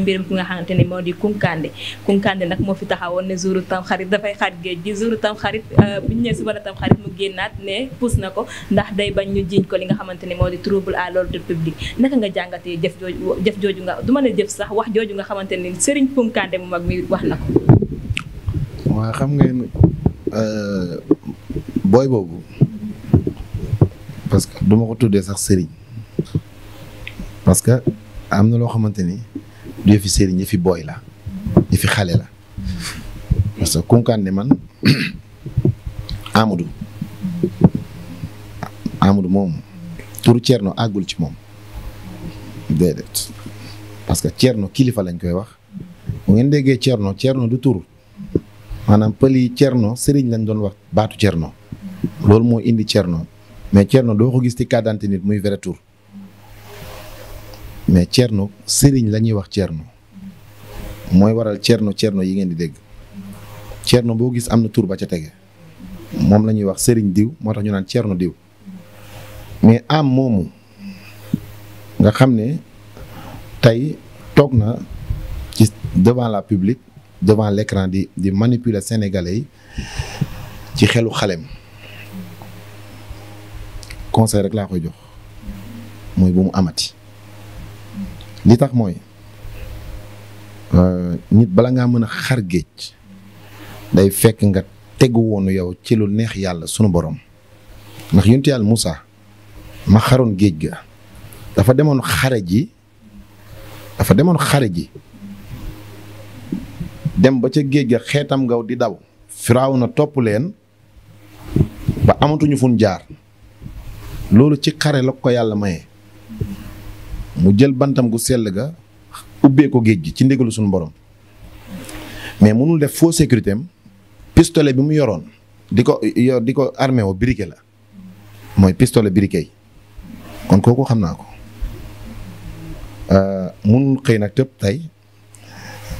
mbirum ki nga xamante ni moo di Kunkande Kunkande nag moo fi taxawoon ne jouru tam xarit dafay xaat géej gi jouru tam xarit euh, bu ñu nee suba la tam xarit mu génnaat ne puus na ko ndax day bañ ñu jiiñ ko li nga xamante ni moo di trouble à l'ordre public naka nga jàngatee jëf jooju jëf jooju nga du ma ne jëf sax wax jooju nga xamante ni sëriñ Kunkande mu mag mi wax na ko waa xam nga ngeen euh, booy boobu parce que duma ko tuddee sax sëriñ parce que am na loo xamante ni du yëfi sëriñ fi booy la fi xale la parce que Koukandé man Amadou Amadou moom turu Thierno àggul ci moom déedéet parce que Thierno kilifa lañ koy wax bu ngeen déggee Thierno Thierno du tur maanaam pël yi Thierno sëriñ lañ doon wax baatu Thierno loolu moo indi Thierno mais Thierno doo ko gis ci kàddante nit muy vrai tur mais cerno sëriñ la ñuy wax cerno mooy waral cerno cerno yi ngeen di dégg cerno boo gis am na tur ba ca tege moom la ñuy wax sëriñ diw moo tax ñu naan cerno diw mais am moomu nga xam ne tey toog na ci devant la public devant l'écran di di manipuler sénégalais yi ci xelu xalem conseil rek laa koy jox mooy bu mu amati li tax mooy euh, nit bala ngaa mën a xar géej day fekk nga tegu woonu yow ci lu neex yàlla sunu borom ndax yonent yàlla Moussa ma xaroon géej ga dafa demoon xare ji dafa demoon xare ji dem ba ca géej ga xeetam ngaw di daw firaaw na topp leen ba amatuñu fun jaar loolu ci xare la ko yàlla maye mu jël bantam gu sell ga ubbee ko géej gi ci ndigalu suñu borom mais mënul def foo sécurité am bi mu yoroon di ko yor di ko armé woo briquet la mooy pistolet briquet kon kooku xam naa ko euh, mënul xëy nag tëb tey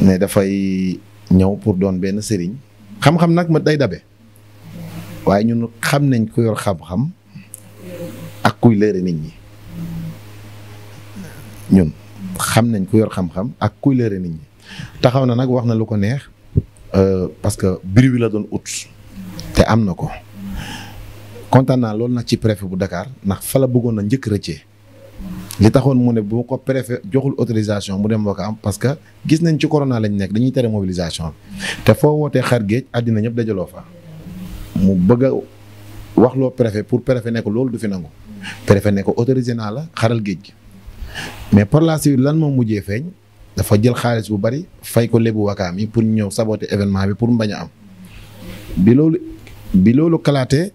ne dafay ñëw pour doon benn sëriñ xam-xam nag ma day dabe waaye ñun xam nañ ku yor xam-xam ak kuy leere nit ñi ñoom xam nañ ku yor xam-xam ak kuy leere nit ñi taxaw na nag wax na lu ko neex euh, parce que bruit bi la doon ut te am na ko kontaan naa loolu nag ci préfet bu dakaar ndax fa bëggoon na njëkk rëccee li taxoon mu ne bu ko préfet joxul autorisation mu dem wakaam parce que gis nañ ci corona lañ nekk dañuy tere mobilisation te foo wootee xar géej àddina ñëpp dajaloo fa mu bëgg a waxloo préfet pour préfet ne loolu du fi nangu préfet ne ko autorisé naa la xaral géej gi mais par la suite lan moo mujjee feeñ dafa jël xaalis bu bari fay ko lebu wakaam yi pour ñëw saboter événement bi pour mu bañ am bi loolu bi loolu kalaatee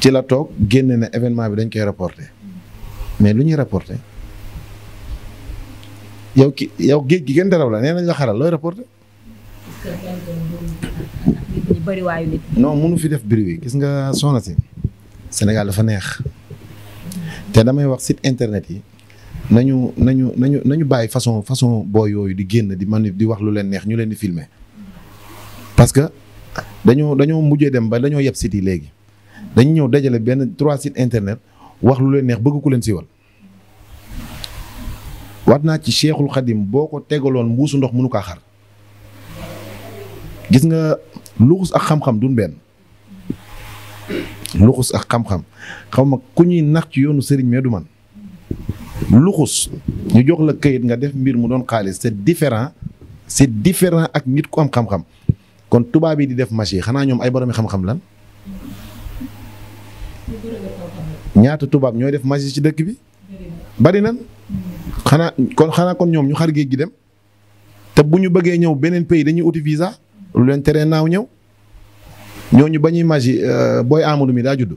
ci la toog génn na événement bi dañ koy reporter mais lu ñuy reporter yow ki yow géej gi gën daraw la nee nañ la xaral looy reporter. non mënu fi def bruit gis nga soxna si Sénégal dafa neex te damay wax site internet yi. nañu nañu nañu nañu bàyyi façon façon boo yooyu di génn di man di wax lu leen neex ñu leen di filmer parce que dañoo dañoo mujjee dem ba dañoo yeb site yi léegi dañu ñëw dajale benn trois sites internet wax lu leen neex bëgg ku leen siiwal waat naa ci Cheikhul Khadim boo ko tegaloon mbuusu ndox mënu kaa xar gis nga luxus ak xam-xam duñ benn luxus ak xam-xam xaw ma ku ñuy nax ci yoonu sëriñ mais du man luxus ñu jox la kayit nga def mbir mu doon xaalis c'est différent c'est différent ak nit ku am xam-xam kon tubaab yi di def machi xanaa ñoom ay boromi xam-xam lan ñaata tubaab ñooy def machi ci dëkk bi bari nan xanaa kon xanaa kon ñoom ñu xar géej gi dem te bu ñu bëggee ñëw beneen pays dañuy uti visa lu leen teree naaw ñëw ñooñu ba ñuy machi euh, booy Amadou mi daa judd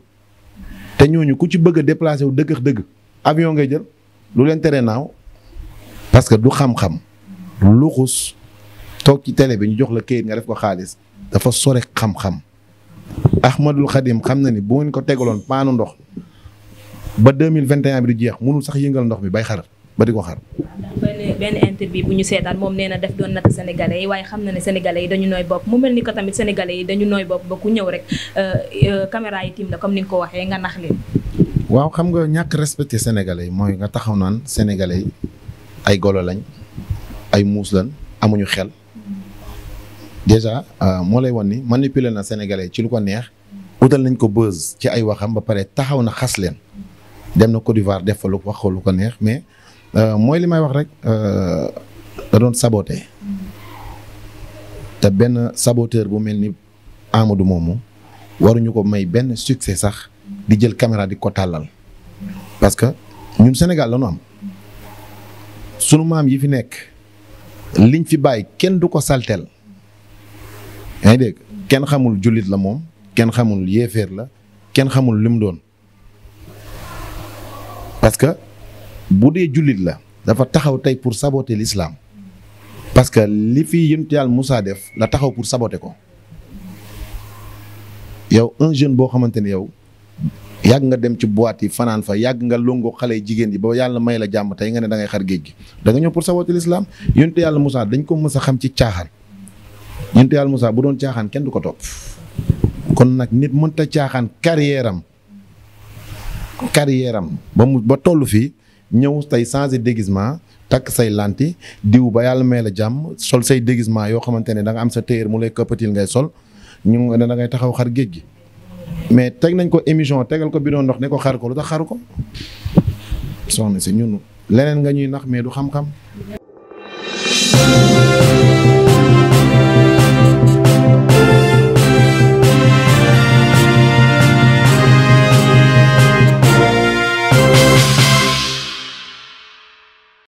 te ñooñu ku ci bëgg a wu dëgg ak dëgg avion ngay jël. lu leen tere naaw parce que du xam-xam luxus toog ci télé bi ñu jox la këyit nga def ko xaalis dafa sore xam-xam Ahmadul Xadim xam na ni bu ngeen ko tegaloon paanu ndox ba 2021 bi du jeex mënul sax yëngal ndox mi bay xar ba di ko xar. benn interview bu ñu seetaan moom nee def doon natt sénégalais yi waaye xam na ne senegale yi dañu nooy bopp mu mel ni ko tamit sénégalais yi dañu nooy bopp ba ku ñëw rek euh, euh, caméra yi tiim la comme ni nga ko waxee nga nax leen. waaw xam nga ñàkk respecté sénégalais yi mooy nga taxaw naan sénégalais yi ay golo lañ ay muus lañ amuñu xel déjà euh, moo lay wan ni manipuler na sénégalais ci lu ko neex utal nañ ko buzz ci ay waxam ba pare taxaw na xas leen dem na Côte d'Ivoire def fa lu wax lu ko neex mais euh, mooy li may wax rek euh, da doon saboté te benn saboteur bu mel ni Amadou moomu waruñu ko may benn succès sax. di jël caméra di ko tàllal parce que ñun Sénégal la ñu am sunu maam yi fi nekk liñ fi bàyyi kenn du ko salteel yaa dégg kenn xamul jullit la moom kenn xamul yéeféer la kenn xamul lim doon parce que bu dee jullit la dafa taxaw tey pour saboter lislaam parce que li fi yonent musaa def la taxaw pour saboter ko yow un jeune boo xamante ne yow yàgg nga dem ci boîte yi fanaan fa yàgg nga longo xale jigéen yi ba yàlla may la jàmm tey nga ne dangay ngay xar géej gi da nga ñëw pour saboote lislaam yonte yàlla musaa dañ ko mës a xam ci caaxaan yonte yàlla Moussa bu doon caaxaan kenn du ko topp kon nag nit mënta caaxaan carrière am ba mu ba toll fii ñëw tey changer déguisement takk say lanti diw ba yàlla may la jàmm sol say déguisement yoo xamante ne da nga am sa téer mu lay këppatil ngay sol ñu ne da ngay taxaw xar géej gi mais teg nañ ko émission tegal ko bidon ndox ne ko xaru ko lu tax xaru ko soxna si ñun leneen nga ñuy nax mais du xam-xam.